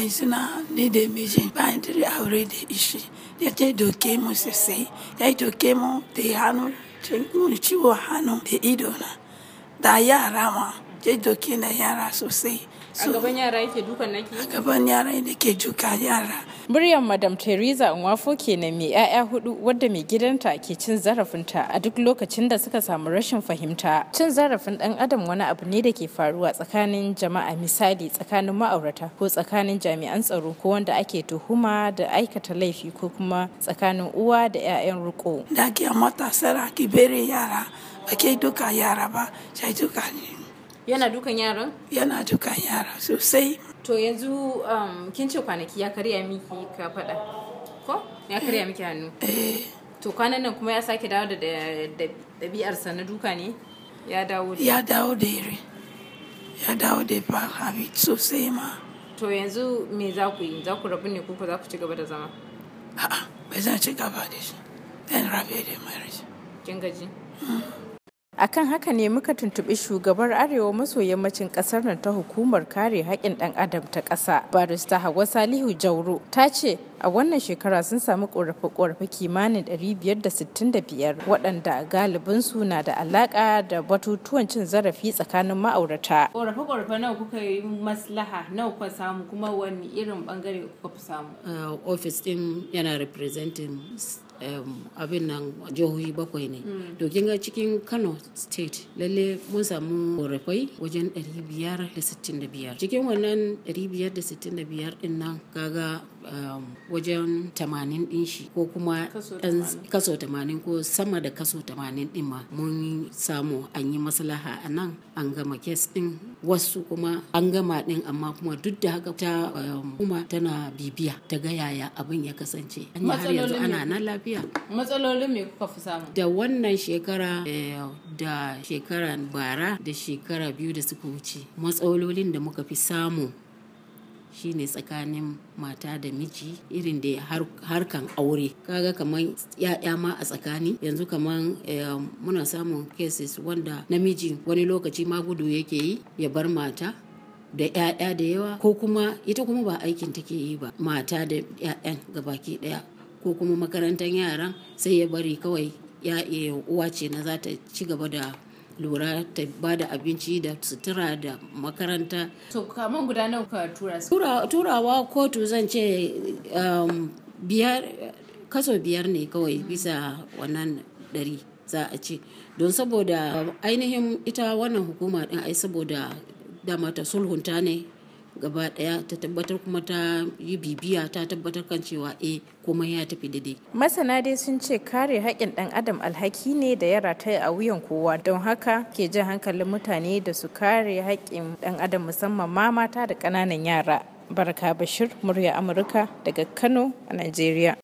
kai suna ni da mijin bayan da aure da ishi ya ke doke mu sosai ya doke mu da to ciwo hannu da idona da yara ma ya doke na yara sosai a gaban yara yake duka naki a gaban yara da ke juka yara muryar madam teresa nwafo kenan mai yaya hudu wadda mai gidanta ke cin zarafinta a duk lokacin da suka samu rashin fahimta cin zarafin dan adam wani abu ne da ke faruwa tsakanin jama'a misali tsakanin ma'aurata ko tsakanin jami'an tsaro ko wanda ake tuhuma da aikata laifi ko kuma tsakanin uwa da 'ya'yan riko da ke matasa ki bere yara ba ke duka yara ba sai duka ne yana dukan yaran yana dukan yaran sosai to yanzu um, kin ce kwanaki ya karya miki ka fada ko ya karya miki hannu eh, eh. to kwanan nan kuma ya sake dawo da sa na duka ne ya dawo da ya dawo da iri ya dawo da ba sosai ma to yanzu me za ku yi za ku rabu ne ko za ku ci gaba da zama a'a bai zan ci gaba da shi zan rabe da marriage kin gaji mm. akan haka ne muka tuntuɓi shugabar arewa maso yammacin ƙasar nan ta hukumar kare haƙƙin ɗan adam ta ƙasa barista hawa salihu jauro ta ce a wannan shekara sun samu ƙorafe-ƙorafe kimanin 565 waɗanda galibinsu na da alaƙa da batutuwan cin zarafi tsakanin ma'aurata. ƙorafe-ƙorafe nawa kuka yi maslaha nawa kuka samu kuma wani irin bangare kuka samu. Eh, ofis ɗin yana representing abin nan jihohi bakwai ne mm. to kin ga cikin Kano state lalle mun samu korafai wajen 565 cikin wannan 565 din nan kaga wajen 80 din shi ko kuma kaso 80 ko sama da kaso 80 din ma mun samu an yi maslaha a nan an gama kes din wasu kuma an gama din amma kuma duk da haka ta kuma tana bibiya ta ga yaya abin ya kasance an har yanzu ana nan lafiya lafiya matsalolin me kuka fi samu da wannan shekara eh, da shekaran bara da shekara biyu da suka wuce matsalolin da muka fi samu shine tsakanin mata da miji irin da harkan aure kaga kamar ya'ya ma a tsakani yanzu kamar eh, muna samun cases wanda namiji wani lokaci ma gudu yake yi ya bar mata da 'ya'ya da yawa ko kuma ita kuma ba aikin take yi ba mata da 'ya'yan gabaki daya ko kuma makarantar yaran sai ya bari kawai ya eh, uwa ce na za ta ci gaba da lura ta ba da abinci da sutura da makaranta. To kamar guda nawa ka tura su? Turawa kotu zan ce um, kaso biyar ne kawai bisa wannan ɗari za a ce don saboda ainihin ita wannan hukuma ɗin ai saboda dama ta sulhunta ne gaba daya ta tabbatar kuma ta yi bibiya ta tabbatar kan cewa eh kuma ya tafi daidai masana dai sun ce kare haƙƙin ɗan adam alhaki ne da ya rataya a wuyan kowa don haka ke jan hankalin mutane da su kare haƙƙin ɗan adam musamman ma mata da ƙananan yara barka bashir murya amurka daga kano a najeriya